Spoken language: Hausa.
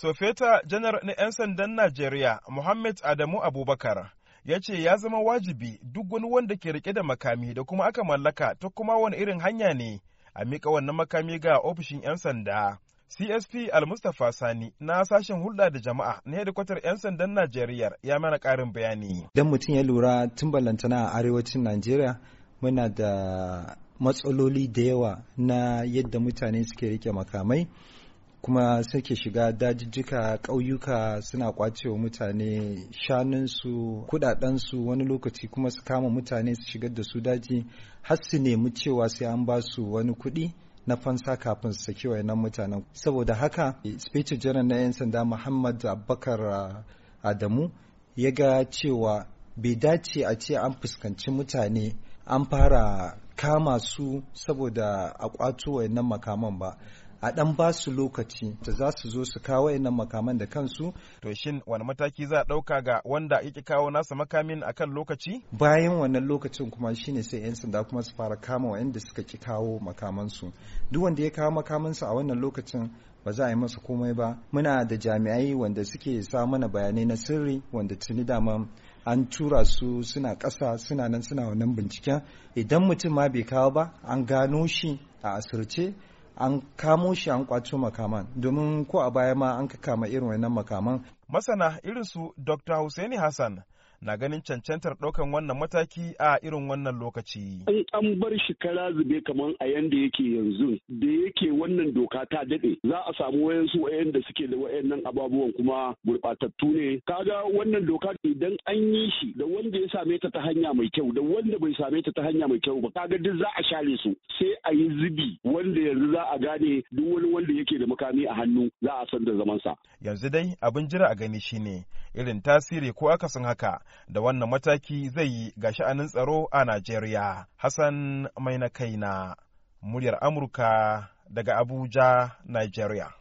Sofeta janar na 'yan sandan Najeriya, Muhammad Adamu Abubakar, ya ce ya zama wajibi duk wani wanda ke rike da makami da kuma aka mallaka ta kuma wani irin hanya ne a miƙa wannan makami ga ofishin 'yan sanda. CSP al mustafa Sani na sashen hulɗa da jama'a na hedikwatar 'yan sandan Najeriya ya mana ƙarin bayani. Idan mutum ya lura tun ballantana a arewacin Najeriya muna da matsaloli da yawa na yadda mutane suke rike makamai kuma suke shiga dajijjika ƙauyuka suna kwacewa mutane shanunsu kudadensu wani lokaci kuma su kama mutane su shigar da su daji har su nemi cewa sai an ba su wani kuɗi na fansa kafin su saki wayannan mutanen saboda haka speech general na 'yan sanda muhammad abubakar ah, adamu ya ga cewa bai dace a ce an fuskanci mutane an fara kama su saboda a kwato wayannan makaman ba a dan ba su lokaci da za su zo su kawo wayannan makaman da kansu to shin wani mataki za a dauka ga wanda yake kawo nasa makamin akan lokaci bayan wannan lokacin kuma shine sai yan sanda kuma su fara kama wayanda suka ki kawo makamansu duk wanda ya kawo sa a wannan lokacin ba za a yi masa komai ba muna da jami'ai wanda suke sa mana bayanai na sirri wanda tuni dama an tura su suna ƙasa suna nan suna wannan binciken idan mutum ma bai kawo ba an gano shi a asirce an kamo shi an kwaco makaman domin ko a baya ma an kama irin wannan makaman masana irin su dr Hussaini hassan na ganin cancantar ɗaukan wannan mataki a irin wannan lokaci. An an bar shi kara zube kamar a yanda yake yanzu da yake wannan doka ta daɗe za a samu wayansu da suke da wayannan ababuwan kuma gurɓatattu ne. Kaga wannan doka idan an yi shi da wanda ya same ta ta hanya mai kyau da wanda bai same ta ta hanya mai kyau ba kaga duk za a share su sai a yi zubi wanda yanzu za a gane duk wani wanda yake da makami a hannu za a san da zamansa. Yanzu dai abin jira a gani shine irin tasiri ko akasin haka da wannan mataki zai yi ga sha'anin tsaro a Najeriya. Hassan Mai na kaina, muryar Amurka daga Abuja, Najeriya.